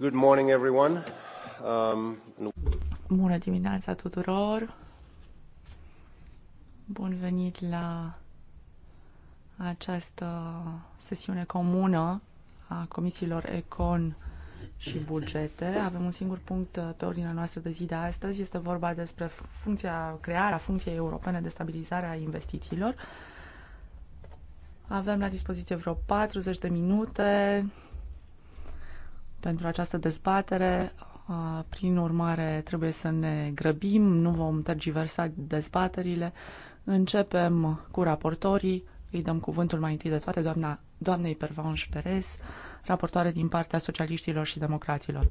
Good morning, everyone. Um, Bună dimineața tuturor. Bun venit la această sesiune comună a comisiilor Econ și bugete. Avem un singur punct uh, pe ordinea noastră de zi de astăzi. Este vorba despre funcția, crearea funcției europene de stabilizare a investițiilor. Avem la dispoziție vreo 40 de minute pentru această dezbatere. Prin urmare, trebuie să ne grăbim, nu vom tergiversa dezbaterile. Începem cu raportorii. Îi dăm cuvântul mai întâi de toate doamna, doamnei Pervanș Perez, raportoare din partea socialiștilor și democraților.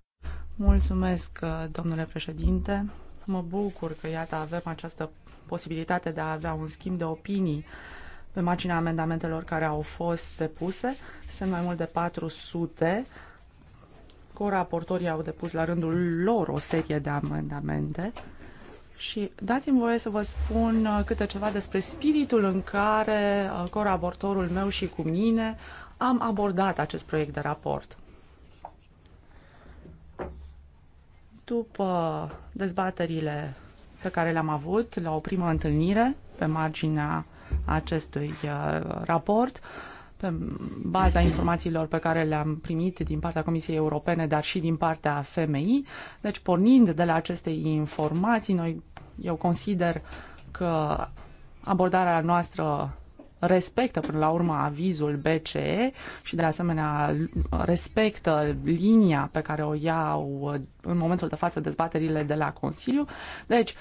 Mulțumesc, domnule președinte. Mă bucur că, iată, avem această posibilitate de a avea un schimb de opinii pe marginea amendamentelor care au fost depuse. Sunt mai mult de 400 coraportorii au depus la rândul lor o serie de amendamente și dați-mi voie să vă spun uh, câte ceva despre spiritul în care uh, coraportorul meu și cu mine am abordat acest proiect de raport. După dezbaterile pe care le-am avut la o primă întâlnire pe marginea acestui uh, raport, pe baza informațiilor pe care le-am primit din partea Comisiei Europene, dar și din partea FMI. Deci, pornind de la aceste informații, noi, eu consider că abordarea noastră respectă până la urmă avizul BCE și de asemenea respectă linia pe care o iau în momentul de față dezbaterile de la Consiliu. Deci,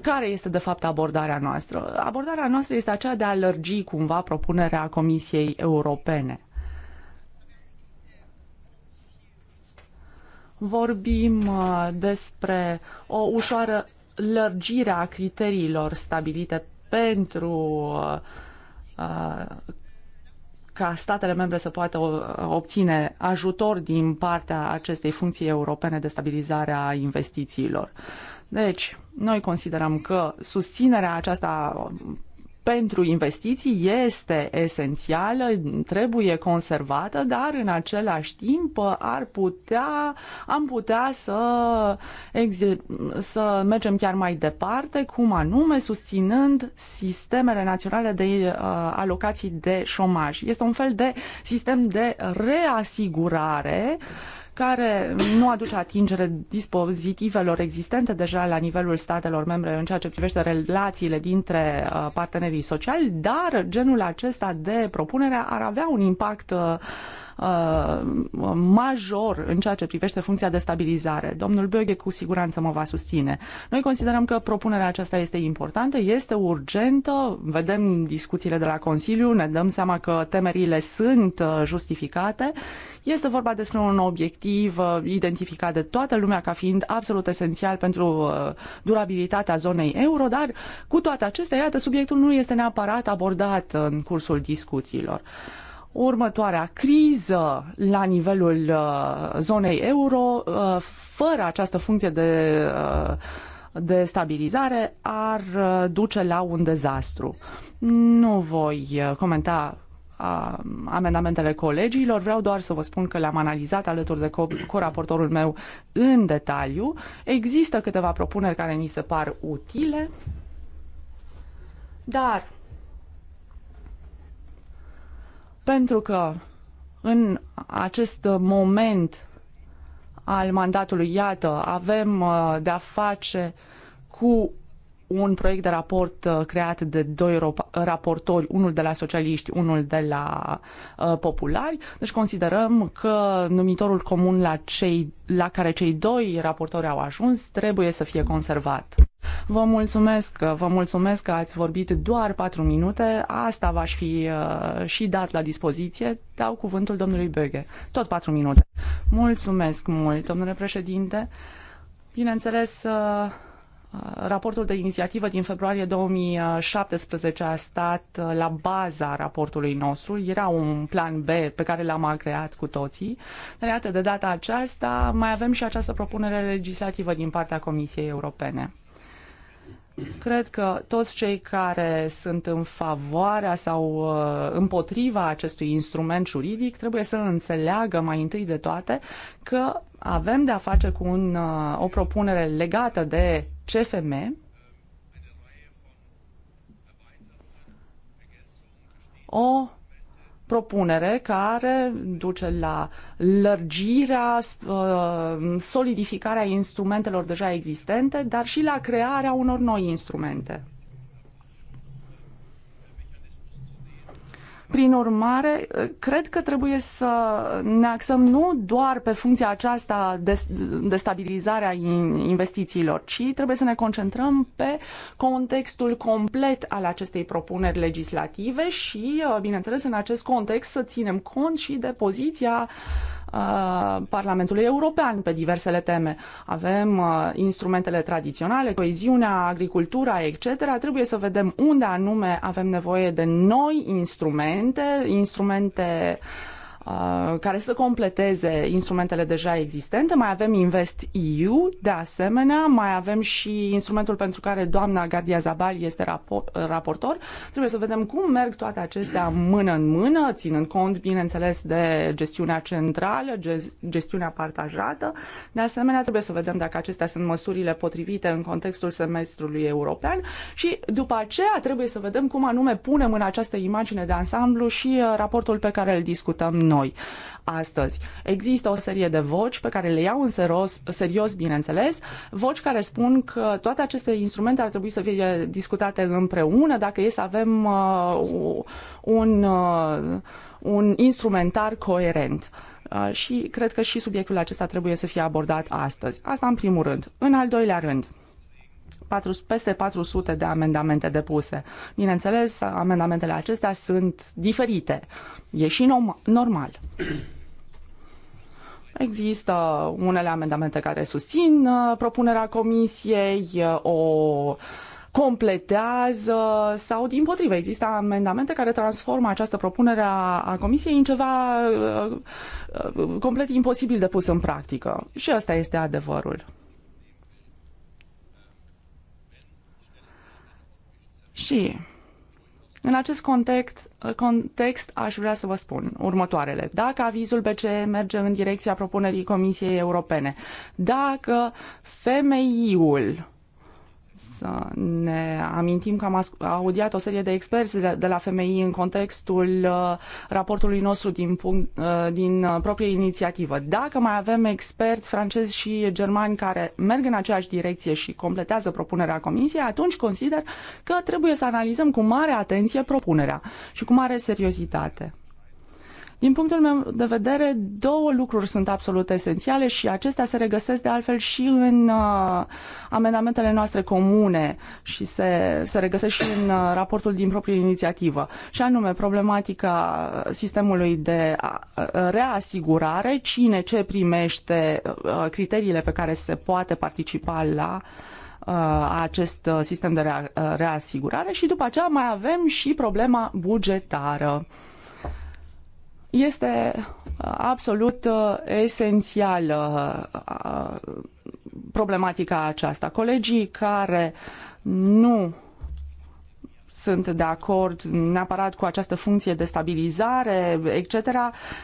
care este de fapt abordarea noastră? Abordarea noastră este aceea de a lărgi cumva propunerea Comisiei Europene. Vorbim uh, despre o ușoară lărgire a criteriilor stabilite pentru uh, uh, ca statele membre să poată obține ajutor din partea acestei funcții europene de stabilizare a investițiilor. Deci, noi considerăm că susținerea aceasta pentru investiții este esențială, trebuie conservată, dar în același timp ar putea, am putea să, să mergem chiar mai departe, cum anume susținând sistemele naționale de uh, alocații de șomaj. Este un fel de sistem de reasigurare uh, care nu aduce atingere dispozitivelor existente deja la nivelul statelor membre în ceea ce privește relațiile dintre uh, partenerii sociali, dar genul acesta de propunere ar avea un impact uh, Uh, major în ceea ce privește funcția de stabilizare. Domnul Böge cu siguranță mă va susține. Noi considerăm că propunerea aceasta este importantă, este urgentă, vedem discuțiile de la Consiliu, ne dăm seama că temerile sunt uh, justificate. Este vorba despre un obiectiv uh, identificat de toată lumea ca fiind absolut esențial pentru durabilitatea zonei euro, dar cu toate acestea, iată, subiectul nu este neapărat abordat în cursul discuțiilor următoarea criză la nivelul uh, zonei euro, uh, fără această funcție de, uh, de stabilizare, ar duce la un dezastru. Nu voi comenta amendamentele colegiilor, Vreau doar să vă spun că le-am analizat alături de coraportorul meu în detaliu. Există câteva propuneri care mi se par utile, dar Pentru că în acest moment al mandatului, iată, avem uh, de-a face cu un proiect de raport uh, creat de doi raportori, unul de la socialiști, unul de la uh, populari. Deci considerăm că numitorul comun la, cei, la care cei doi raportori au ajuns trebuie să fie conservat. Vă mulțumesc, vă mulțumesc că ați vorbit doar patru minute. Asta v-aș fi uh, și dat la dispoziție. Dau cuvântul domnului Böge. Tot patru minute. Mulțumesc mult, domnule președinte. Bineînțeles, uh, Raportul de inițiativă din februarie 2017 a stat uh, la baza raportului nostru. Era un plan B pe care l-am creat cu toții. Dar iată, de data aceasta mai avem și această propunere legislativă din partea Comisiei Europene. Cred că toți cei care sunt în favoarea sau uh, împotriva acestui instrument juridic trebuie să înțeleagă mai întâi de toate că avem de a face cu un, uh, o propunere legată de CFM, o propunere care duce la lărgirea, uh, solidificarea instrumentelor deja existente, dar și la crearea unor noi instrumente. Prin urmare, cred că trebuie să ne axăm nu doar pe funcția aceasta de, de stabilizare a investițiilor, ci trebuie să ne concentrăm pe contextul complet al acestei propuneri legislative și, uh, bineînțeles, în acest context să ținem cont și de poziția uh, Uh, Parlamentului European pe diversele teme. Avem uh, instrumentele tradiționale, coeziunea, agricultura, etc. Trebuie să vedem unde anume avem nevoie de noi instrumente, instrumente uh, Uh, care să completeze instrumentele deja existente. Mai avem Invest EU, de asemenea, mai avem și instrumentul pentru care doamna Gardia Zabal este rapor raportor. Trebuie să vedem cum merg toate acestea mână în mână, ținând cont, bineînțeles, de gestiunea centrală, gestiunea partajată. De asemenea, trebuie să vedem dacă acestea sunt măsurile potrivite în contextul semestrului european și după aceea trebuie să vedem cum anume punem în această imagine de ansamblu și uh, raportul pe care îl discutăm noi astăzi. Există o serie de voci pe care le iau în serios, serios bineînțeles, voci care spun că toate aceste instrumente ar trebui să fie discutate împreună dacă e să avem uh, un, uh, un instrumentar coerent uh, și cred că și subiectul acesta trebuie să fie abordat astăzi. Asta în primul rând. În al doilea rând, patru, peste 400 de amendamente depuse. Bineînțeles, amendamentele acestea sunt diferite. E și normal. Există unele amendamente care susțin uh, propunerea comisiei, uh, o completează sau din potrivă. Există amendamente care transformă această propunere a Comisiei în ceva uh, complet imposibil de pus în practică. Și asta este adevărul. Și în acest context, context aș vrea să vă spun următoarele. Dacă avizul BCE merge în direcția propunerii Comisiei Europene, dacă femeiul să ne amintim că am audiat o serie de experți de la FMI în contextul uh, raportului nostru din, punct, uh, din uh, proprie inițiativă. Dacă mai avem experți francezi și germani care merg în aceeași direcție și completează propunerea Comisiei, atunci consider că trebuie să analizăm cu mare atenție propunerea și cu mare seriozitate. Din punctul meu de vedere, două lucruri sunt absolut esențiale și acestea se regăsesc de altfel și în uh, amendamentele noastre comune și se, se regăsesc și în uh, raportul din proprie inițiativă, și anume problematica sistemului de uh, reasigurare, cine ce primește uh, criteriile pe care se poate participa la uh, acest uh, sistem de reasigurare și după aceea mai avem și problema bugetară este uh, absolut uh, esențială uh, problematica aceasta. Colegii care nu sunt de acord neapărat cu această funcție de stabilizare, etc.,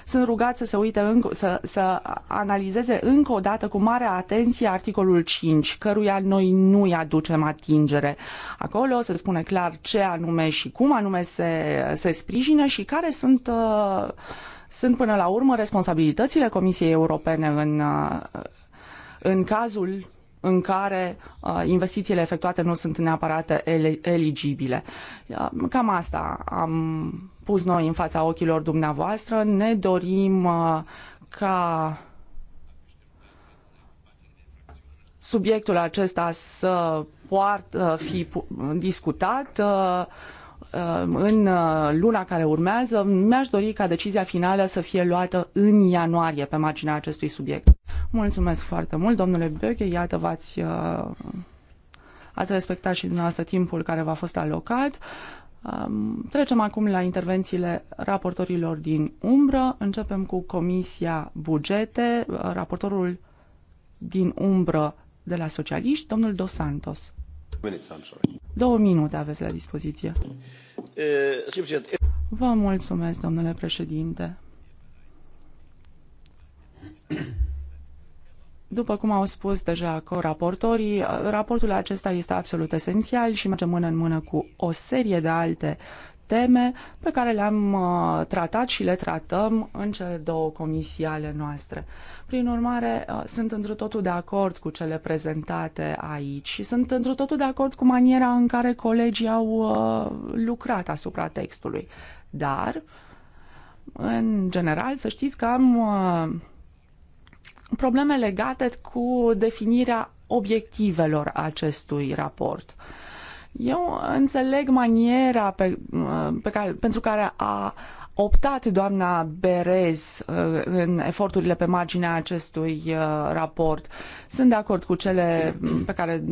sunt rugați să se uite, în, să, să analizeze încă o dată cu mare atenție articolul 5, căruia noi nu-i aducem atingere. Acolo se spune clar ce anume și cum anume se, se sprijină și care sunt uh, sunt până la urmă responsabilitățile Comisiei Europene în, uh, în cazul în care uh, investițiile efectuate nu sunt neapărat eligibile. Uh, cam asta am pus noi în fața ochilor dumneavoastră. Ne dorim uh, ca subiectul acesta să poată fi discutat Uh, în uh, luna care urmează, mi-aș dori ca decizia finală să fie luată în ianuarie pe marginea acestui subiect. Mulțumesc foarte mult, domnule Böge, iată v-ați uh, ați respectat și dumneavoastră timpul care v-a fost alocat. Um, trecem acum la intervențiile raportorilor din umbră. Începem cu Comisia Bugete, raportorul din umbră de la socialiști, domnul Dos Santos. Minutes, I'm sorry. Două minute aveți la dispoziție. Eh, Vă mulțumesc, domnule președinte. După cum au spus deja co-raportorii, raportul acesta este absolut esențial și merge mână în mână cu o serie de alte teme pe care le-am uh, tratat și le tratăm în cele două comisii ale noastre. Prin urmare, uh, sunt într totul de acord cu cele prezentate aici și sunt într totul de acord cu maniera în care colegii au uh, lucrat asupra textului. Dar, în general, să știți că am probleme legate cu definirea obiectivelor acestui raport. Uh, eu înțeleg maniera pe, uh, pe care, pentru care a optat doamna Berez uh, în eforturile pe marginea acestui uh, raport. Sunt de acord cu cele mm, pe care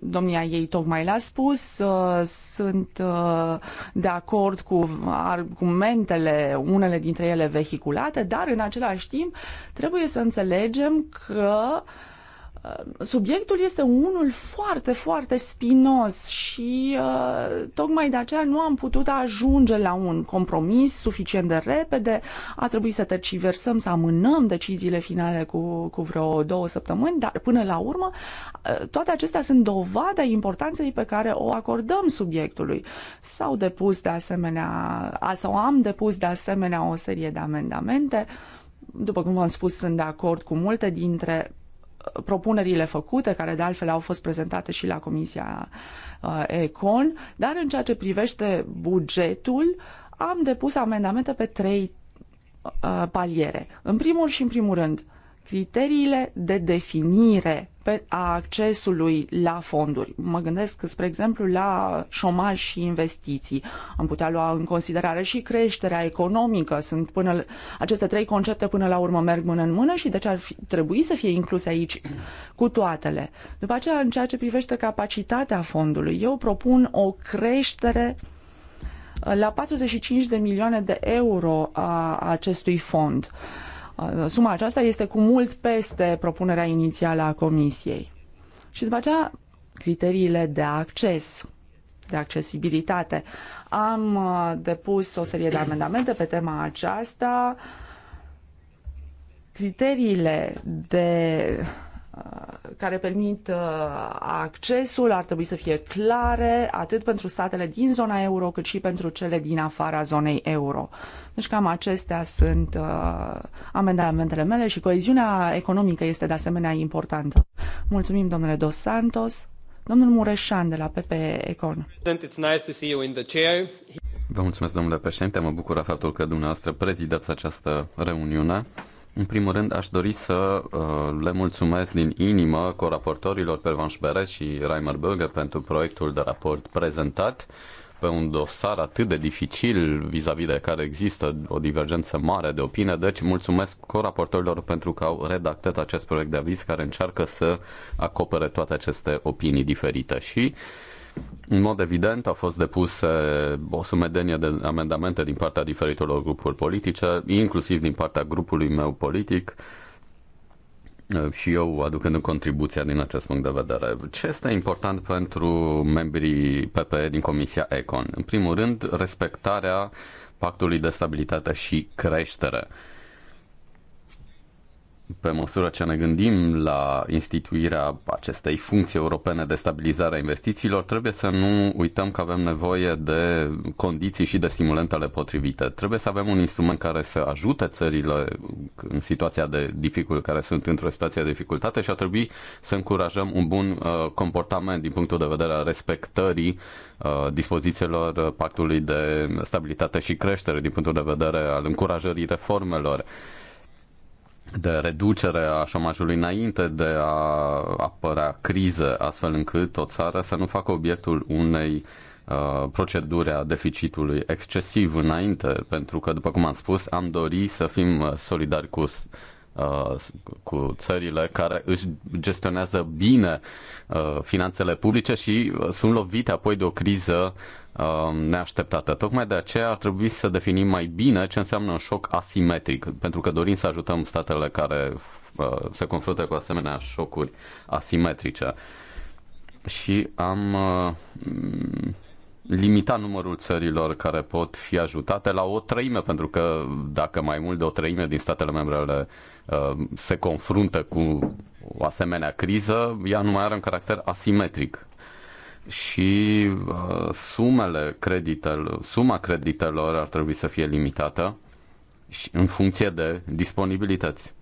domnia ei tocmai le-a spus, sunt de acord cu argumentele, unele dintre ele vehiculate, dar în același timp trebuie să înțelegem că Uh, subiectul este unul foarte, foarte spinos și uh, tocmai de aceea nu am putut ajunge la un compromis suficient de repede. A trebuit să terciversăm, să amânăm deciziile finale cu, cu vreo două săptămâni, dar până la urmă uh, toate acestea sunt dovada importanței pe care o acordăm subiectului. S-au depus de asemenea, sau am depus de asemenea o serie de amendamente. După cum v-am spus, sunt de acord cu multe dintre propunerile făcute, care de altfel au fost prezentate și la Comisia uh, Econ, dar în ceea ce privește bugetul, am depus amendamente pe trei uh, paliere. În primul și în primul rând, criteriile de definire a accesului la fonduri. Mă gândesc, spre exemplu, la șomaj și investiții. Am putea lua în considerare și creșterea economică. Sunt până, aceste trei concepte până la urmă merg mână în mână și deci ar fi, trebui să fie incluse aici cu toatele. După aceea, în ceea ce privește capacitatea fondului, eu propun o creștere uh, la 45 de milioane de euro a acestui fond. Suma aceasta este cu mult peste propunerea inițială a Comisiei. Și după aceea, criteriile de acces, de accesibilitate. Am depus o serie de amendamente pe tema aceasta. Criteriile de care permit accesul ar trebui să fie clare atât pentru statele din zona euro cât și pentru cele din afara zonei euro. Deci cam acestea sunt uh, amendamentele mele și coeziunea economică este de asemenea importantă. Mulțumim, domnule Dos Santos. Domnul Mureșan de la PP Econ. It's nice to see you in the chair. Vă mulțumesc, domnule președinte. Mă bucură faptul că dumneavoastră prezidați această reuniune. În primul rând, aș dori să uh, le mulțumesc din inimă coraportorilor Pervanș Bere și Reimer Böge pentru proiectul de raport prezentat. Uh, pe un dosar atât de dificil vis-a-vis -vis de care există o divergență mare de opinie, deci mulțumesc coraportorilor pentru că au redactat acest proiect de aviz care încearcă să acopere toate aceste opinii diferite și în mod evident au fost depuse o sumedenie de amendamente din partea diferitelor grupuri politice, inclusiv din partea grupului meu politic, Uh, și eu aducând contribuția din acest punct de vedere. Ce este important pentru membrii PPE din Comisia Econ? În primul rând, respectarea pactului de stabilitate și creștere. Uh, pe măsură ce ne gândim la instituirea acestei funcții europene de stabilizare a investițiilor, trebuie să nu uităm că avem nevoie de condiții și de stimulentele potrivite. Trebuie să avem un instrument care să ajute țările în situația de dificultate, care sunt într-o situație de dificultate și ar trebui să încurajăm un bun uh, comportament din punctul de vedere al respectării uh, dispozițiilor pactului de stabilitate și creștere, din punctul de vedere al încurajării reformelor de reducere a șomajului înainte de a apărea crize, astfel încât o țară să nu facă obiectul unei procedure uh, proceduri a deficitului excesiv înainte, pentru că, după cum am spus, am dori să fim uh, solidari cu Uh, cu țările care își gestionează bine uh, finanțele publice și uh, sunt lovite apoi de o criză neașteptată. Tocmai de aceea ar trebui să definim mai bine ce înseamnă un șoc asimetric, pentru că dorim să ajutăm statele care se confruntă cu asemenea șocuri asimetrice. Și am limita numărul țărilor care pot fi ajutate la o treime, pentru că dacă mai mult de o treime din statele membre ale, uh, se confruntă cu o asemenea criză, ea nu mai are un caracter asimetric. Și uh, sumele creditelor, suma creditelor ar trebui să fie limitată și în funcție de disponibilități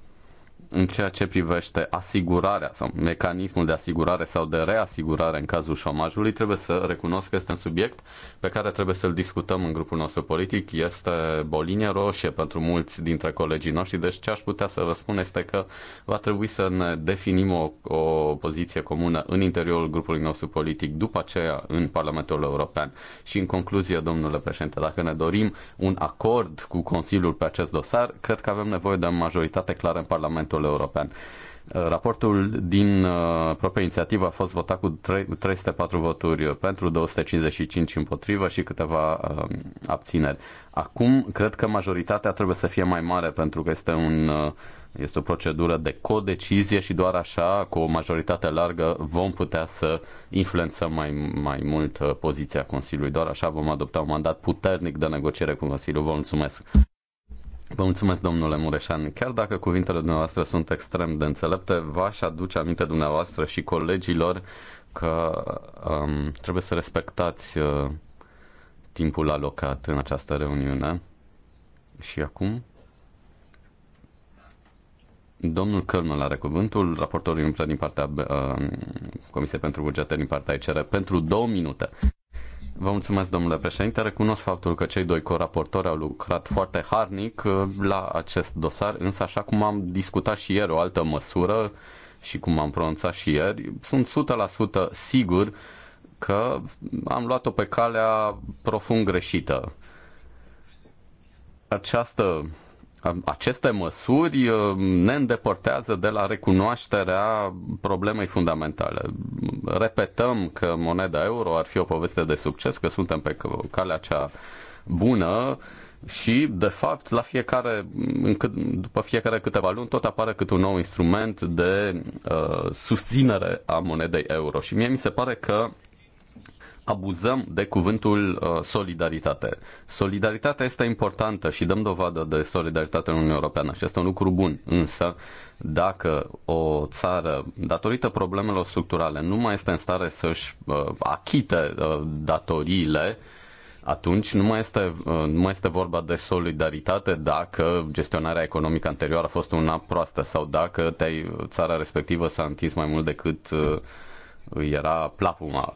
în ceea ce privește asigurarea sau mecanismul de asigurare sau de reasigurare în cazul șomajului, trebuie să recunosc că este un subiect pe care trebuie să-l discutăm în grupul nostru politic. Este o linie roșie pentru mulți dintre colegii noștri, deci ce aș putea să vă spun este că va trebui să ne definim o, o poziție comună în interiorul grupului nostru politic, după aceea în Parlamentul European. Și în concluzie, domnule președinte, dacă ne dorim un acord cu Consiliul pe acest dosar, cred că avem nevoie de o majoritate clară în Parlamentul Parlamentul European. Uh, raportul din uh, propria inițiativă a fost votat cu 304 voturi pentru, 255 împotrivă și câteva um, abțineri. Acum, cred că majoritatea trebuie să fie mai mare pentru că este un uh, este o procedură de codecizie și doar așa, cu o majoritate largă, vom putea să influențăm mai, mai mult poziția Consiliului. Doar așa vom adopta un mandat puternic de negociere cu Consiliul. Vă mulțumesc! Vă mulțumesc, domnule Mureșan. Chiar dacă cuvintele dumneavoastră sunt extrem de înțelepte, v-aș aduce aminte dumneavoastră și colegilor că um, trebuie să respectați uh, timpul alocat în această reuniune. Și acum? Domnul Călmă are cuvântul, raportorul din partea uh, Comisiei pentru Bugete din partea ICR, pentru două minute. Vă mulțumesc, domnule președinte. Recunosc faptul că cei doi coraportori au lucrat foarte harnic uh, la acest dosar, însă așa cum am discutat și ieri o altă măsură și cum am pronunțat și ieri, sunt 100% sigur că am luat-o pe calea profund greșită. Această aceste măsuri uh, ne îndepărtează de la recunoașterea problemei fundamentale. Repetăm că moneda euro ar fi o poveste de succes, că suntem pe calea cea bună și, de fapt, la fiecare, după fiecare câteva luni, tot apare cât un nou instrument de uh, susținere a monedei euro. Și mie mi se pare că abuzăm de cuvântul uh, solidaritate. Solidaritatea este importantă și dăm dovadă de solidaritate în Uniunea Europeană și este un lucru bun, însă dacă o țară, datorită problemelor structurale, nu mai este în stare să-și uh, achite uh, datoriile, atunci nu mai, este, nu mai este vorba de solidaritate dacă gestionarea economică anterioară a fost una proastă sau dacă te țara respectivă s-a întins mai mult decât era plapuma.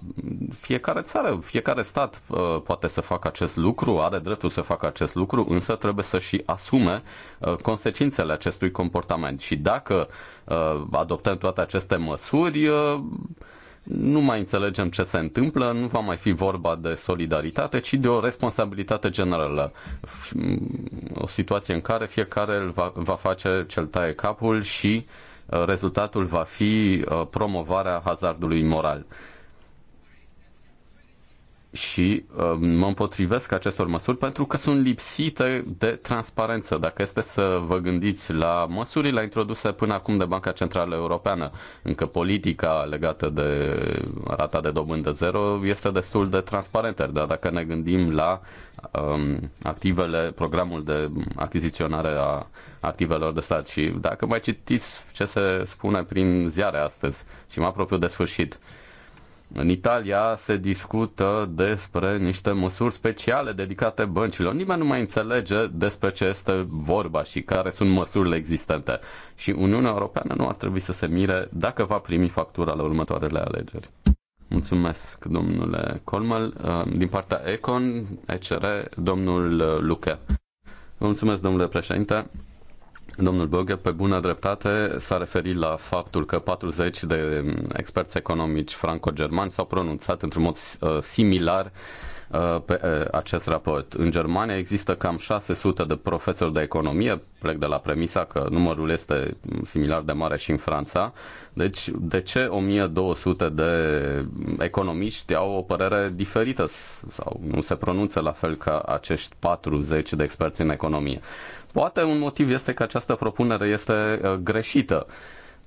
Fiecare țară, fiecare stat uh, poate să facă acest lucru, are dreptul să facă acest lucru, însă trebuie să și asume uh, consecințele acestui comportament. Și dacă uh, adoptăm toate aceste măsuri, uh, nu mai înțelegem ce se întâmplă, nu va mai fi vorba de solidaritate, ci de o responsabilitate generală. O situație în care fiecare va, va face cel taie capul și uh, Uh, rezultatul va fi uh, promovarea hazardului moral și uh, mă împotrivesc acestor măsuri pentru că sunt lipsite de transparență. Dacă este să vă gândiți la măsurile introduse până acum de Banca Centrală Europeană, încă politica legată de rata de dobândă zero este destul de transparentă, dar dacă ne gândim la um, activele, programul de achiziționare a activelor de stat. Și dacă mai citiți ce se spune prin ziare astăzi, și mă apropiu de sfârșit, în Italia se discută despre niște măsuri speciale dedicate băncilor. Nimeni nu mai înțelege despre ce este vorba și care sunt măsurile existente. Și Uniunea Europeană nu ar trebui să se mire dacă va primi factura la următoarele alegeri. Mulțumesc, domnule Colmel. Uh, din partea Econ, ECR, domnul uh, Luca. mulțumesc, domnule președinte. Domnul Boghe, pe bună dreptate, s-a referit la faptul că 40 de um, experți economici franco-germani s-au pronunțat într-un mod uh, similar Uh, pe uh, acest raport. În Germania există cam 600 de profesori de economie, plec de la premisa că numărul este similar de mare și în Franța. Deci, de ce 1200 de economiști au o părere diferită sau nu se pronunță la fel ca acești 40 de experți în economie? Poate un motiv este că această propunere este uh, greșită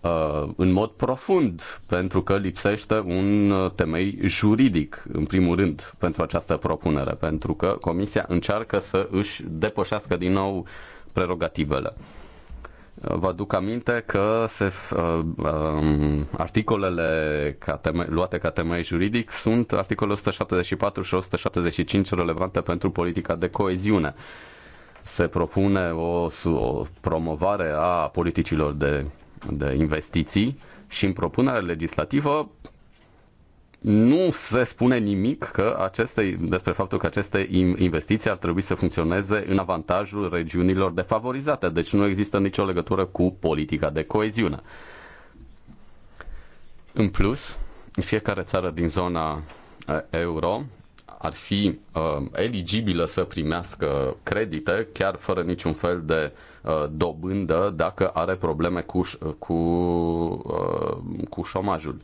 Uh, în mod profund, pentru că lipsește un uh, temei juridic, în primul rând, pentru această propunere, pentru că Comisia încearcă să își depășească din nou prerogativele. Uh, vă aduc aminte că se, uh, um, articolele ca teme, luate ca temei juridic sunt articolele 174 și 175 relevante pentru politica de coeziune. Se propune o, o promovare a politicilor de de investiții și în propunerea legislativă nu se spune nimic că aceste, despre faptul că aceste investiții ar trebui să funcționeze în avantajul regiunilor defavorizate. Deci nu există nicio legătură cu politica de coeziune. În plus, fiecare țară din zona euro ar fi uh, eligibilă să primească credite chiar fără niciun fel de Uh, dobândă dacă are probleme cu, uh, cu, uh, cu șomajul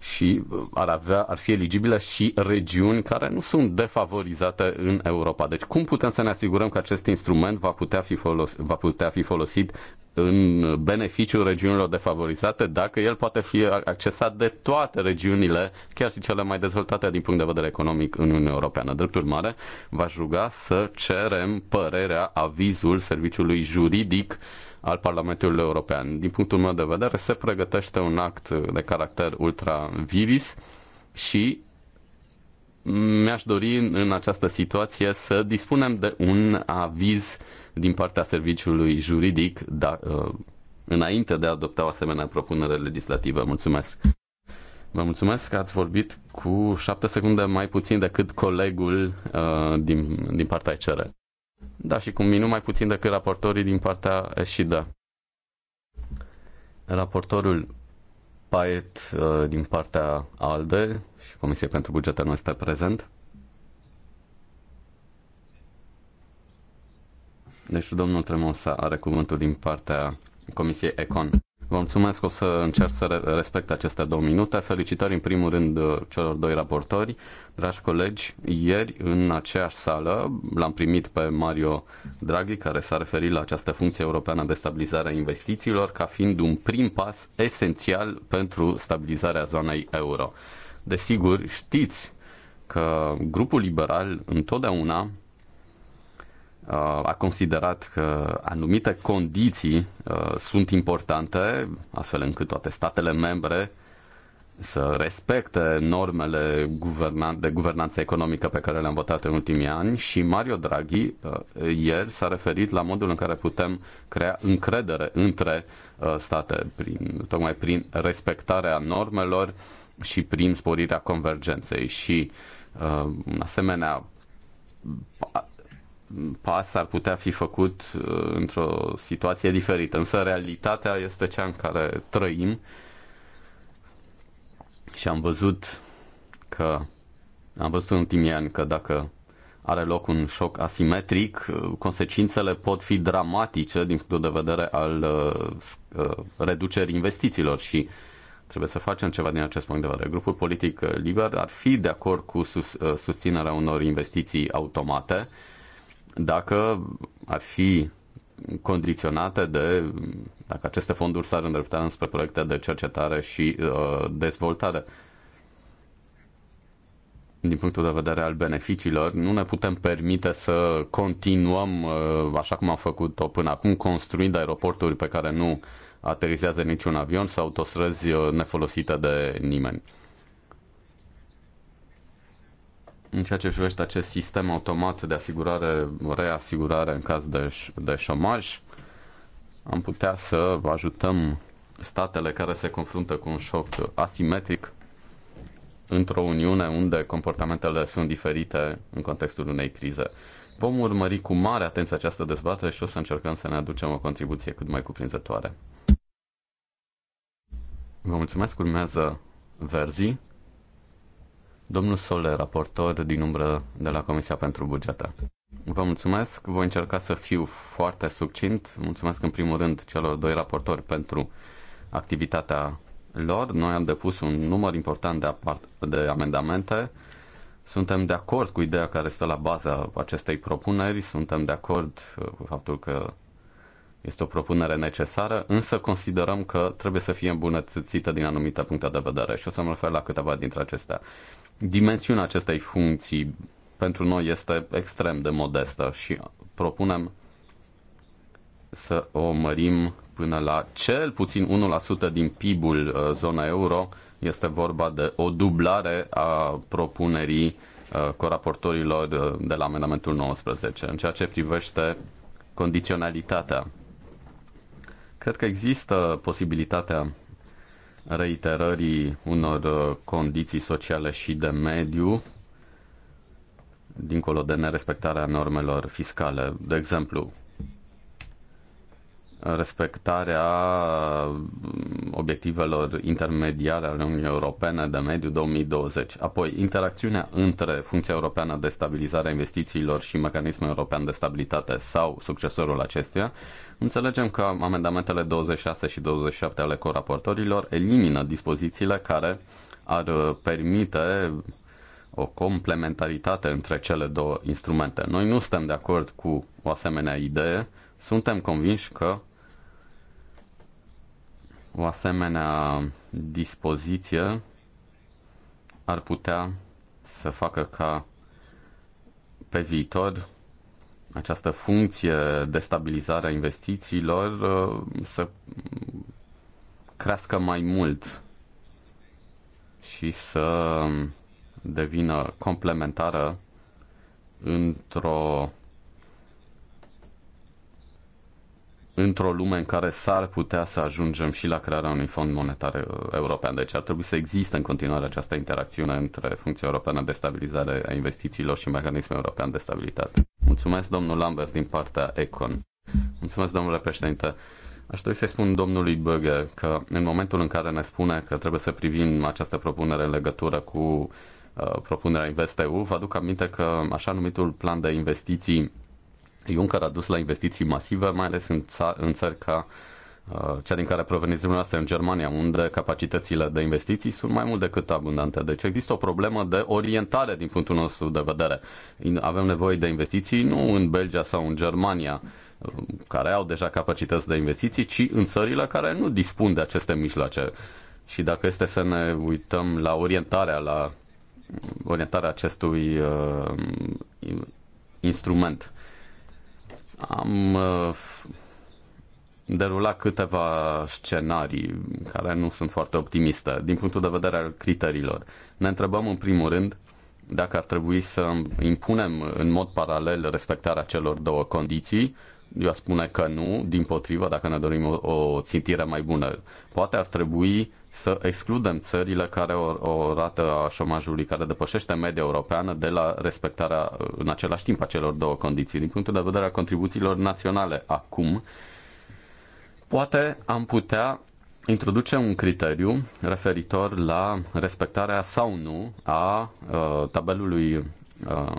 și ar, avea, ar fi eligibile și regiuni care nu sunt defavorizate în Europa. Deci cum putem să ne asigurăm că acest instrument va putea fi, folos, va putea fi folosit în beneficiul regiunilor defavorizate dacă el poate fi accesat de toate regiunile, chiar și cele mai dezvoltate din punct de vedere economic în Uniunea Europeană. Drept urmare, v-aș ruga să cerem părerea, avizul serviciului juridic al Parlamentului European. Din punctul meu de vedere, se pregătește un act de caracter ultra-viris și mi-aș dori în această situație să dispunem de un aviz uh, din partea serviciului juridic da, uh, înainte de a adopta o asemenea propunere legislativă. Mulțumesc! Vă mulțumesc că ați vorbit cu șapte secunde mai puțin decât colegul uh, din, din partea ECR. Da, și cu un minut mai puțin decât raportorii din partea ESHIDA. Raportorul Paet uh, din partea ALDE și Comisia pentru Bugetul nu este prezent. Deci domnul Tremosa are cuvântul din partea Comisiei Econ. Vă mulțumesc, o să încerc să respect aceste două minute. Felicitări în primul rând uh, celor doi raportori. Dragi colegi, ieri în aceeași sală l-am primit pe Mario Draghi, care s-a referit la această funcție europeană de stabilizare a investițiilor ca fiind un prim pas esențial pentru stabilizarea zonei euro. Desigur, știți că grupul liberal întotdeauna a considerat că anumite condiții uh, sunt importante, astfel încât toate statele membre să respecte normele de guvernanță economică pe care le-am votat în ultimii ani și Mario Draghi uh, ieri s-a referit la modul în care putem crea încredere între uh, state, prin, tocmai prin respectarea normelor și prin sporirea convergenței. Și în asemenea pas ar putea fi făcut uh, într-o situație diferită, însă realitatea este cea în care trăim și am văzut că am văzut în ultimii ani că dacă are loc un șoc asimetric, uh, consecințele pot fi dramatice din punct de vedere al uh, uh, reducerii investițiilor și trebuie să facem ceva din acest punct de vedere. Grupul politic liber ar fi de acord cu sus, uh, susținerea unor investiții automate, uh, dacă ar fi condiționate de dacă aceste fonduri s-ar îndrepta înspre proiecte de cercetare și uh, dezvoltare. Din punctul de vedere al beneficiilor, nu ne putem permite să continuăm, uh, așa cum am făcut-o până acum, construind aeroporturi pe care nu aterizează niciun avion sau autostrăzi uh, nefolosite de nimeni în ceea ce privește acest sistem automat de asigurare, reasigurare în caz de, de șomaj, am putea să ajutăm statele care se confruntă cu un șoc asimetric într-o uniune unde comportamentele sunt diferite în contextul unei crize. Vom urmări cu mare atenție această dezbatere și o să încercăm să ne aducem o contribuție cât mai cuprinzătoare. Vă mulțumesc, urmează Verzi Domnul Sole, raportor din umbră de la Comisia pentru Bugete. Vă mulțumesc, voi încerca să fiu foarte succint. Mulțumesc în primul rând celor doi raportori pentru activitatea lor. Noi am depus un număr important de, apart- de amendamente. Suntem de acord cu ideea care stă la baza acestei propuneri, suntem de acord uh, cu faptul că este o propunere necesară, însă considerăm că trebuie să fie îmbunătățită din anumite puncte de vedere și o să mă refer la câteva dintre acestea dimensiunea acestei funcții pentru noi este extrem de modestă și propunem să o mărim până la cel puțin 1% din PIB-ul uh, zona euro. Este vorba de o dublare a propunerii uh, coraportorilor uh, de la amendamentul 19 în ceea ce privește condiționalitatea. Cred că există posibilitatea reiterării unor uh, condiții sociale și de mediu, dincolo de nerespectarea normelor fiscale. De exemplu, respectarea mm, obiectivelor intermediare ale Uniunii Europene de mediu 2020. Apoi, interacțiunea între Funcția Europeană de Stabilizare a Investițiilor și Mecanismul European de Stabilitate sau succesorul acestuia. Înțelegem că amendamentele 26 și 27 ale coraportorilor elimină dispozițiile care ar uh, permite o complementaritate între cele două instrumente. Noi nu suntem de acord cu o asemenea idee, suntem convinși că o asemenea dispoziție ar putea să facă ca pe viitor această funcție de stabilizare a investițiilor uh, să crească mai mult și să devină complementară într-o într-o lume în care s-ar putea să ajungem și la crearea unui fond monetar uh, european. Deci ar trebui să existe în continuare această interacțiune între Funcția Europeană de Stabilizare a Investițiilor și Mecanismul European de Stabilitate. Mulțumesc, domnul Lambert, din partea Econ. Mulțumesc, domnule președinte. Aș dori să-i spun domnului Băghe că în momentul în care ne spune că trebuie să privim această propunere în legătură cu uh, propunerea InvestEU, vă aduc aminte că așa numitul plan de investiții Juncker a dus la investiții masive, mai ales în, ța- în țări ca uh, cea din care proveniți dumneavoastră în Germania, unde capacitățile de investiții sunt mai mult decât abundante. Deci există o problemă de orientare din punctul nostru de vedere. Avem nevoie de investiții nu în Belgia sau în Germania, uh, care au deja capacități de investiții, ci în țările care nu dispun de aceste mijloace. Și dacă este să ne uităm la orientarea, la orientarea acestui uh, instrument, uh, am uh, derulat câteva scenarii care nu sunt foarte optimiste din punctul de vedere al criteriilor. Ne întrebăm în primul rând dacă ar trebui să impunem în mod paralel respectarea celor două condiții, eu spune că nu, din potrivă, dacă ne dorim o, o țintire mai bună. Poate ar trebui să excludem țările care o, o rată a șomajului care depășește media europeană de la respectarea în același timp a celor două condiții. Din punctul de vedere a contribuțiilor naționale acum, poate am putea introduce un criteriu referitor la respectarea sau nu a uh, tabelului uh,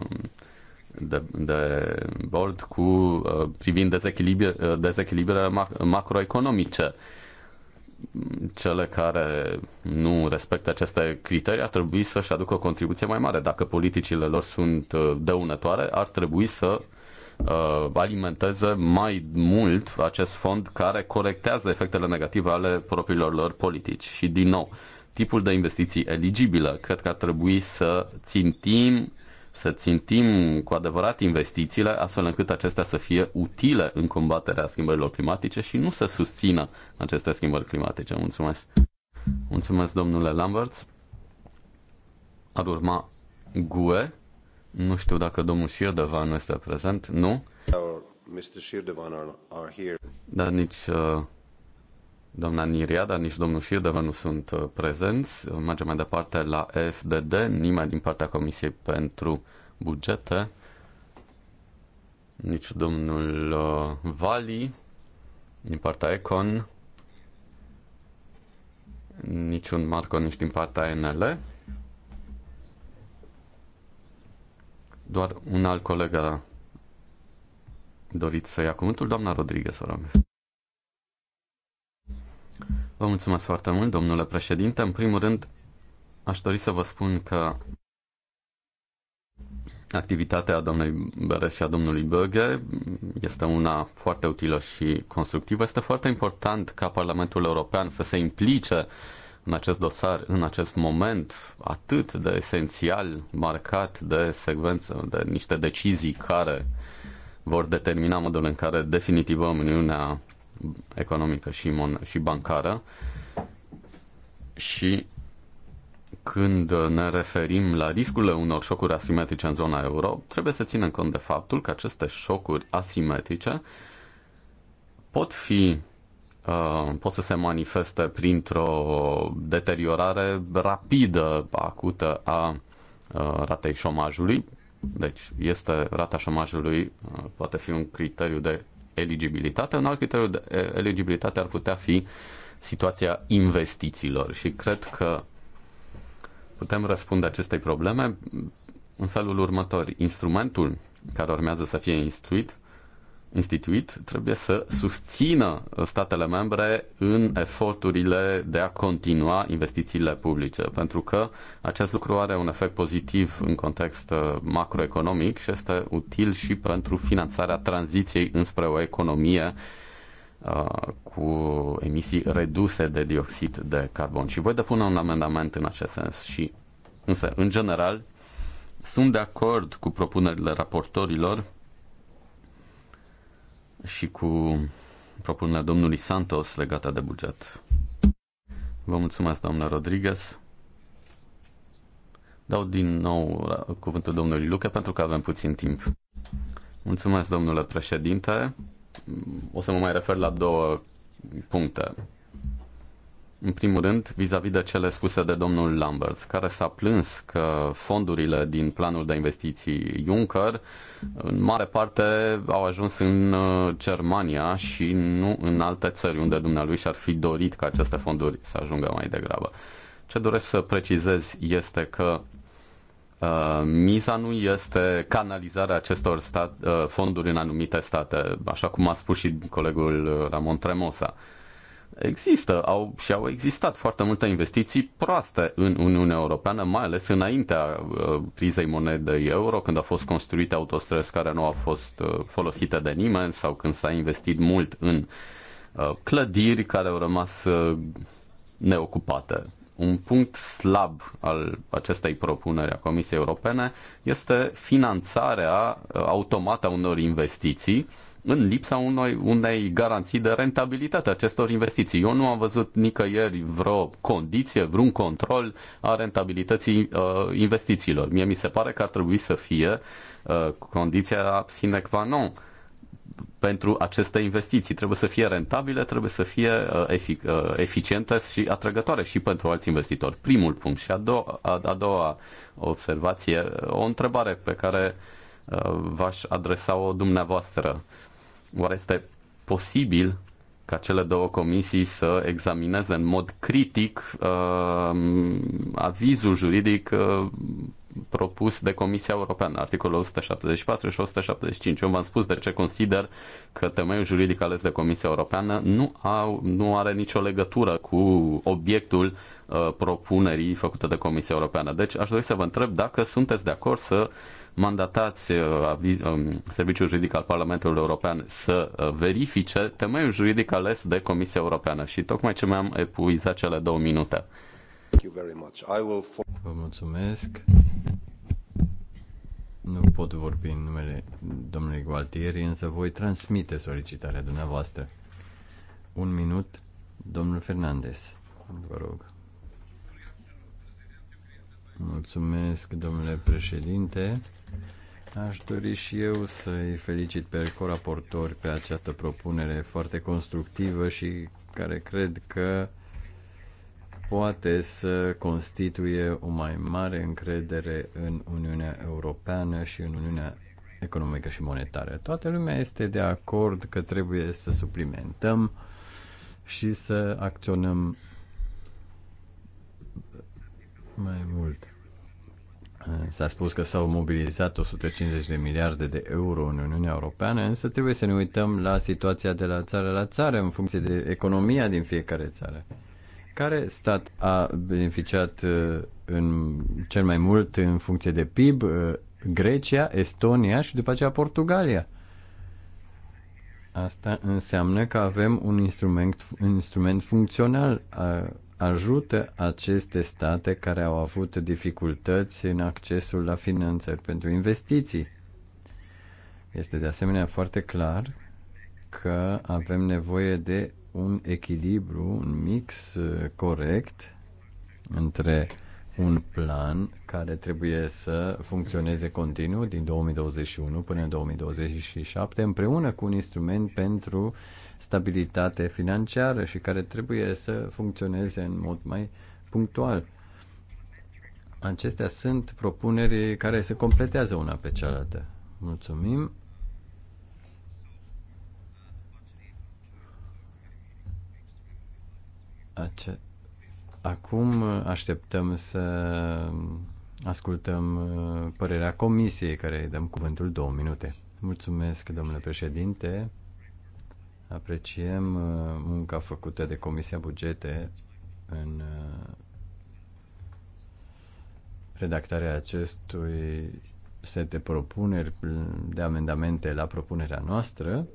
de, de bord cu uh, privind dezechilibre, uh, dezechilibrele macroeconomice. Cele care nu respectă aceste criterii ar trebui să-și aducă o contribuție mai mare. Dacă politicile lor sunt uh, dăunătoare, ar trebui să alimenteze mai mult acest fond care corectează efectele negative ale propriilor lor politici. Și din nou, tipul de investiții eligibilă cred că ar trebui să țintim să țintim cu adevărat investițiile astfel încât acestea să fie utile în combaterea schimbărilor climatice și nu să susțină aceste schimbări climatice. Mulțumesc! Mulțumesc, domnule Lamberts. Ar urma GUE. Nu știu dacă domnul Shirdevan nu este prezent. Nu? Dar nici uh, Doamna Niriada, nici domnul Firdevă nu sunt uh, prezenți. Uh, mergem mai departe la FDD, nimeni din partea Comisiei pentru Bugete, nici domnul uh, Vali din partea Econ, niciun Marco, nici din partea NL. Doar un alt colegă a dorit să ia cuvântul, doamna Rodriguez, vă rog. Vă mulțumesc foarte mult, domnule președinte. În primul rând, aș dori să vă spun că activitatea doamnei Beres și a domnului Böge este una foarte utilă și constructivă. Este foarte important ca Parlamentul European să se implice în acest dosar, în acest moment atât de esențial, marcat de secvență, de niște decizii care vor determina modul în care definitivăm Uniunea economică și, mon- și bancară și când ne referim la riscurile unor șocuri asimetrice în zona euro, trebuie să ținem cont de faptul că aceste șocuri asimetrice pot fi uh, pot să se manifeste printr-o deteriorare rapidă, acută a uh, ratei șomajului. Deci este rata șomajului uh, poate fi un criteriu de eligibilitate. Un alt criteriu de eligibilitate ar putea fi situația investițiilor și cred că putem răspunde acestei probleme în felul următor. Instrumentul care urmează să fie instruit instituit trebuie să susțină statele membre în eforturile de a continua investițiile publice, pentru că acest lucru are un efect pozitiv în context uh, macroeconomic și este util și pentru finanțarea tranziției înspre o economie uh, cu emisii reduse de dioxid de carbon. Și voi depune un amendament în acest sens. Și, însă, în general, sunt de acord cu propunerile raportorilor și cu propunerea domnului Santos legată de buget. Vă mulțumesc, doamna Rodriguez. Dau din nou cuvântul domnului Luca pentru că avem puțin timp. Mulțumesc, domnule președinte. O să mă mai refer la două puncte. În primul rând, vis-a-vis -vis de cele spuse de domnul Lamberts, care s-a plâns că fondurile din planul de investiții Juncker, în mare parte, au ajuns în uh, Germania și nu în alte țări, unde dumnealui și-ar fi dorit ca aceste fonduri să ajungă mai degrabă. Ce doresc să precizez este că uh, miza nu este canalizarea acestor stat, uh, fonduri în anumite state, așa cum a spus și colegul Ramon Tremosa. Uh, Există au, și au existat foarte multe investiții proaste în Uniunea Europeană, mai ales înaintea uh, crizei monedei euro, când au fost construite autostrăzi care nu au fost uh, folosite de nimeni sau când s-a investit mult în uh, clădiri care au rămas uh, neocupate. Un punct slab al acestei propuneri a Comisiei Europene este finanțarea uh, automată a unor investiții uh, în lipsa unui, unei garanții de rentabilitate acestor investiții. Eu nu am văzut nicăieri vreo condiție, vreun control a rentabilității uh, investițiilor. Mie mi se pare că ar trebui să fie uh, condiția sine qua non pentru aceste investiții. Trebuie să fie rentabile, trebuie să fie uh, efic- uh, eficiente și atrăgătoare și pentru alți investitori. Primul punct. Și a doua, a, a doua observație, o întrebare pe care uh, v-aș adresa-o dumneavoastră. Uh, Oare este posibil ca cele două comisii să examineze în mod critic uh, avizul juridic uh, propus de Comisia Europeană, articolul 174 și 175. Eu v-am spus de ce consider că temeiul juridic ales de Comisia Europeană nu, au, nu are nicio legătură cu obiectul uh, propunerii făcute de Comisia Europeană. Deci aș dori să vă întreb dacă sunteți de acord să mandatați uh, um, Serviciul Juridic al Parlamentului European să uh, verifice temeiul juridic ales de Comisia Europeană și tocmai ce mi-am epuizat cele două minute. Vă mulțumesc. Nu pot vorbi în numele domnului Gualtieri, însă voi transmite solicitarea dumneavoastră. Un minut, domnul Fernandez, vă rog. Mulțumesc, domnule președinte. Aș dori și eu să-i felicit pe coraportori pe această propunere foarte constructivă și care cred că poate să constituie o mai mare încredere în Uniunea Europeană și în Uniunea Economică și Monetară. Toată lumea este de acord că trebuie să suplimentăm și să acționăm mai mult. S-a spus că s-au mobilizat 150 de miliarde de euro în Uniunea Europeană, însă trebuie să ne uităm la situația de la țară la țară în funcție de economia din fiecare țară. Care stat a beneficiat uh, în cel mai mult în funcție de PIB? Uh, Grecia, Estonia și după aceea Portugalia. Asta înseamnă că avem un instrument, un instrument funcțional uh, ajută aceste state care au avut dificultăți în accesul la finanțe pentru investiții. Este de asemenea foarte clar că avem nevoie de un echilibru, un mix uh, corect între un plan care trebuie să funcționeze continuu din 2021 până în 2027 împreună cu un instrument pentru uh, stabilitate financiară și care trebuie să funcționeze în mod mai punctual. Acestea sunt propuneri care se completează una pe cealaltă. Mulțumim! Ace- Acum așteptăm să ascultăm uh, părerea comisiei, care îi dăm cuvântul două minute. Mulțumesc, domnule președinte. Apreciem uh, munca făcută de Comisia Bugete în uh, redactarea acestui set de propuneri, de amendamente la propunerea noastră.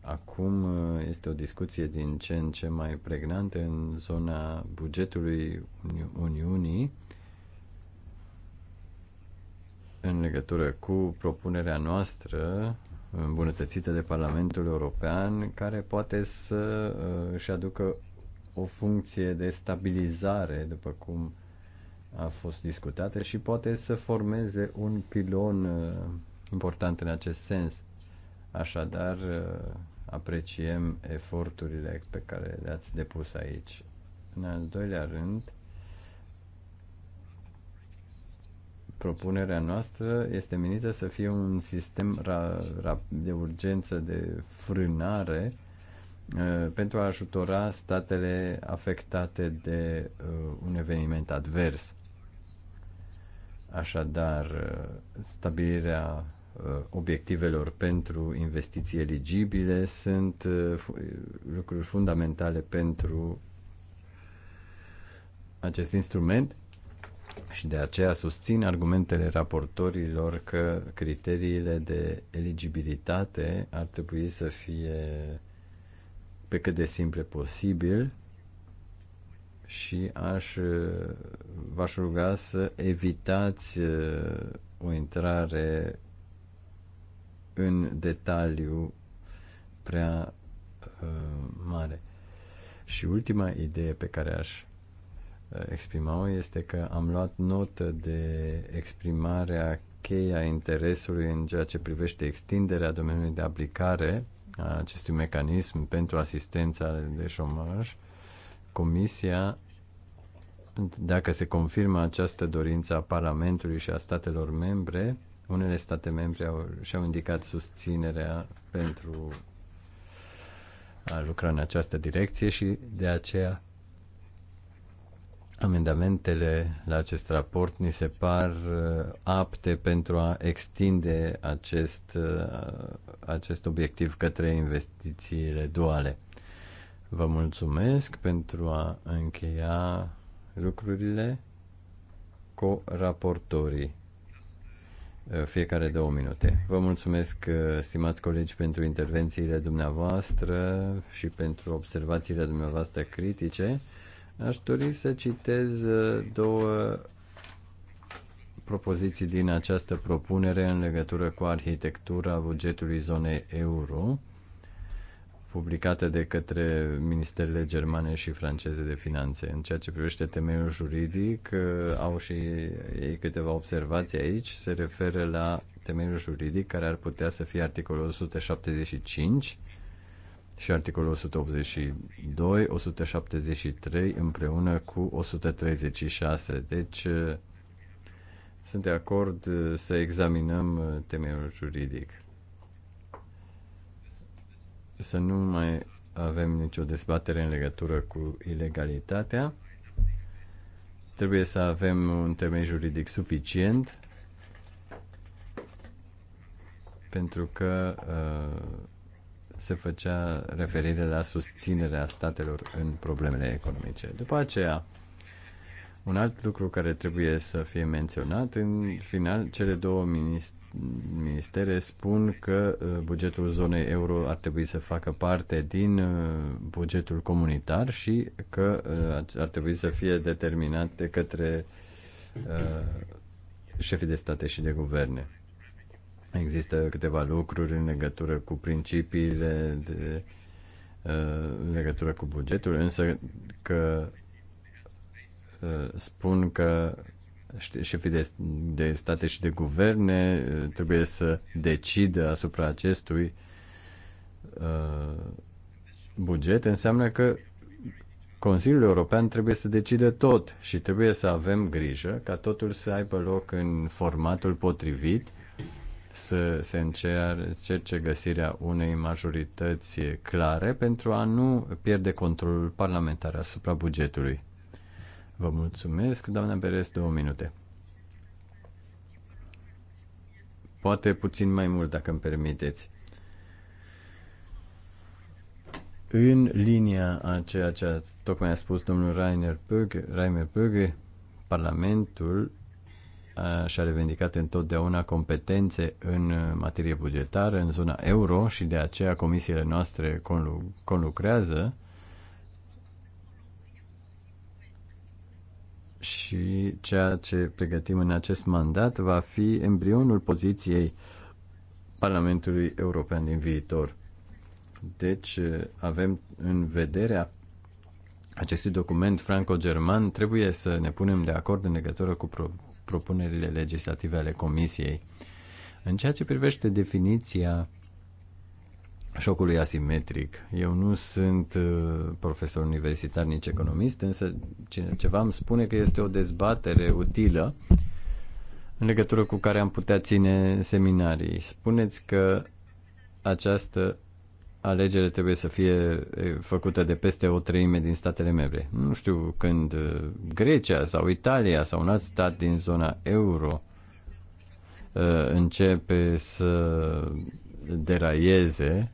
Acum uh, este o discuție din ce în ce mai pregnantă în zona bugetului Uni- Uniunii în legătură cu propunerea noastră îmbunătățită de Parlamentul European, care poate să uh, își aducă o funcție de stabilizare, după cum a fost discutată, și poate să formeze un pilon uh, important în acest sens. Așadar, uh, apreciem eforturile pe care le-ați depus aici. În al doilea rând, Propunerea noastră este menită să fie un sistem ra- ra- de urgență, de frânare uh, pentru a ajutora statele afectate de uh, un eveniment advers. Așadar, uh, stabilirea obiectivelor pentru investiții eligibile sunt lucruri fundamentale pentru acest instrument și de aceea susțin argumentele raportorilor că criteriile de eligibilitate ar trebui să fie pe cât de simple posibil și aș v-aș ruga să evitați uh, o intrare în detaliu prea uh, mare. Și ultima idee pe care aș exprimau este că am luat notă de exprimarea cheia interesului în ceea ce privește extinderea domeniului de aplicare a acestui mecanism pentru asistența de șomaj. Comisia, dacă se confirmă această dorință a Parlamentului și a statelor membre, unele state membre au, și-au indicat susținerea pentru a lucra în această direcție și de aceea Amendamentele la acest raport ni se par uh, apte pentru a extinde acest, uh, acest obiectiv către investițiile duale. Vă mulțumesc pentru a încheia lucrurile cu raportorii. Uh, fiecare două minute. Vă mulțumesc, stimați colegi, pentru intervențiile dumneavoastră și pentru observațiile dumneavoastră critice. Aș dori să citez uh, două propoziții din această propunere în legătură cu arhitectura bugetului zonei euro, publicată de către ministerele germane și franceze de finanțe. În ceea ce privește temeiul juridic, uh, au și ei câteva observații aici, se referă la temeiul juridic care ar putea să fie articolul 175 și articolul 182, 173 împreună cu 136. Deci uh, sunt de acord uh, să examinăm uh, temeiul juridic. Să nu mai avem nicio dezbatere în legătură cu ilegalitatea. Trebuie să avem un temei juridic suficient pentru că uh, se făcea referire la susținerea statelor în problemele economice. După aceea, un alt lucru care trebuie să fie menționat, în final, cele două ministere spun că uh, bugetul zonei euro ar trebui să facă parte din uh, bugetul comunitar și că uh, ar trebui să fie determinat de către șefii de state și de guverne. Există câteva lucruri în legătură cu principiile, de, uh, în legătură cu bugetul, însă că uh, spun că șefii de, de state și de guverne uh, trebuie să decidă asupra acestui buget, înseamnă că Consiliul European trebuie să decide tot și trebuie să avem grijă ca totul să aibă loc în formatul potrivit să se încerce găsirea unei majorități clare pentru a nu pierde controlul parlamentar asupra bugetului. Vă mulțumesc, doamna Beres, două minute. Poate puțin mai mult, dacă îmi permiteți. În linia a ceea ce a, tocmai a spus domnul Rainer Böge, Rainer Böge, Parlamentul și-a revendicat întotdeauna competențe în uh, materie bugetară, în zona euro și de aceea comisiile noastre conlucrează și ceea ce pregătim în acest mandat va fi embrionul poziției Parlamentului European din viitor. Deci uh, avem în vedere acestui document franco-german, trebuie să ne punem de acord în legătură cu propunerile legislative ale Comisiei. În ceea ce privește definiția șocului asimetric, eu nu sunt uh, profesor universitar nici economist, însă ceva îmi spune că este o dezbatere utilă în legătură cu care am putea ține seminarii. Spuneți că această alegerile trebuie să fie făcute de peste o treime din statele membre. Nu știu când Grecia sau Italia sau un alt stat din zona euro începe să deraieze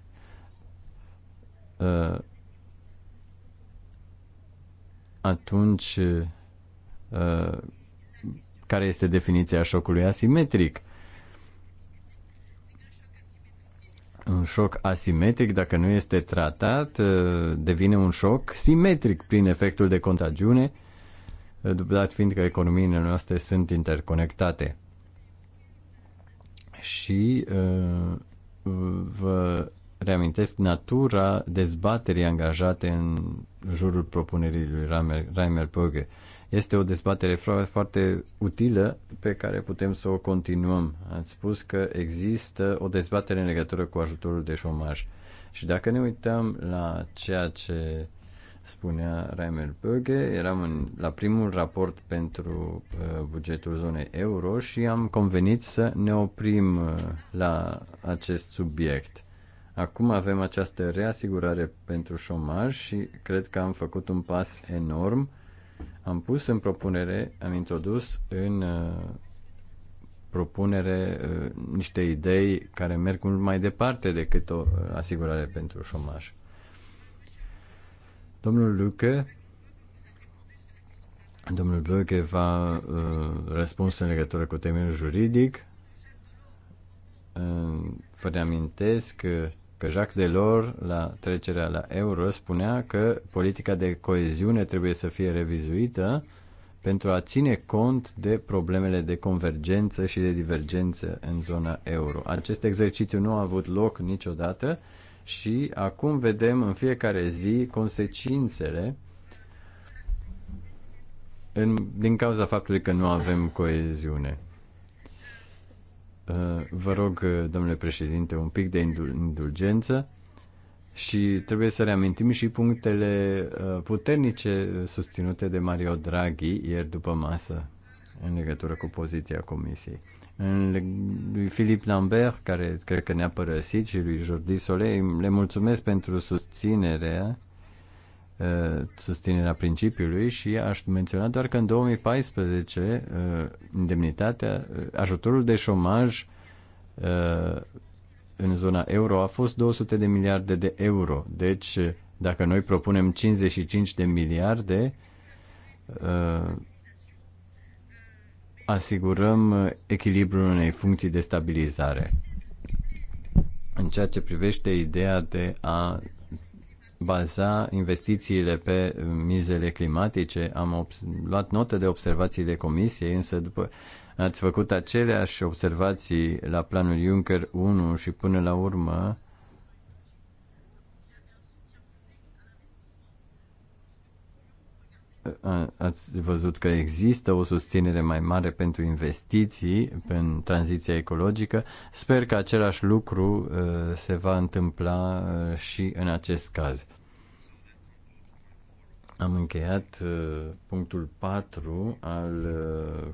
atunci care este definiția șocului asimetric? un șoc asimetric, dacă nu este tratat, uh, devine un șoc simetric prin efectul de contagiune, uh, dat fiind că economiile noastre sunt interconectate. Și uh, vă reamintesc natura dezbaterii angajate în jurul propunerii lui Reimer Böge. Este o dezbatere foarte utilă pe care putem să o continuăm. Ați spus că există o dezbatere în legătură cu ajutorul de șomaj. Și dacă ne uităm la ceea ce spunea Reimer Böge, eram în, la primul raport pentru uh, bugetul zonei euro și am convenit să ne oprim uh, la acest subiect. Acum avem această reasigurare pentru șomaj și cred că am făcut un pas enorm uh, am pus în propunere, am introdus în uh, propunere uh, niște idei care merg mult mai departe decât o uh, asigurare pentru șomaj. Domnul Luke, domnul Luke va răspuns în legătură cu temeiul juridic. Vă reamintesc că că Jacques Delors, la trecerea la euro, spunea că politica de coeziune trebuie să fie revizuită pentru a ține cont de problemele de convergență și de divergență în zona euro. Acest exercițiu nu a avut loc niciodată și acum vedem în fiecare zi consecințele în, din cauza faptului că nu avem coeziune. Uh, vă rog, uh, domnule președinte, un pic de indulgență și trebuie să reamintim și punctele uh, puternice susținute de Mario Draghi ieri după masă în legătură cu poziția Comisiei. În lui Filip Lambert, care cred că ne-a părăsit, și lui Jordi Sole, le mulțumesc pentru susținerea Uh, susținerea principiului și aș menționa doar că în 2014 uh, indemnitatea, uh, ajutorul de șomaj în zona euro a fost 200 de miliarde de euro. Deci, dacă noi propunem 55 de miliarde, asigurăm echilibrul unei funcții de stabilizare. În ceea ce privește ideea de a baza investițiile pe mizele climatice. Am luat notă de observațiile comisiei, însă după ați făcut aceleași observații la planul Juncker 1 și până la urmă ați văzut că există o susținere mai mare pentru investiții în tranziția ecologică. Sper că același lucru uh, se va întâmpla uh, și în acest caz. Am încheiat uh, punctul 4 al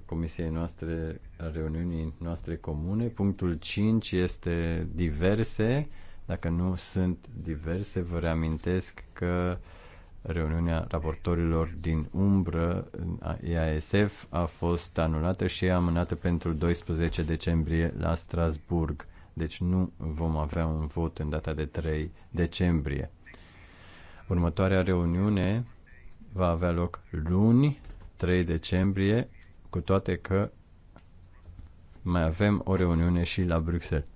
comisiei noastre, a reuniunii noastre comune. Punctul 5 este diverse. Dacă nu sunt diverse, vă reamintesc că uh, reuniunea raportorilor din umbră a IASF a fost anulată și amânată pentru 12 decembrie la Strasburg. Deci nu vom avea un vot în data de 3 decembrie. Următoarea reuniune va avea loc luni, 3 decembrie, cu toate că mai avem o reuniune și la Bruxelles.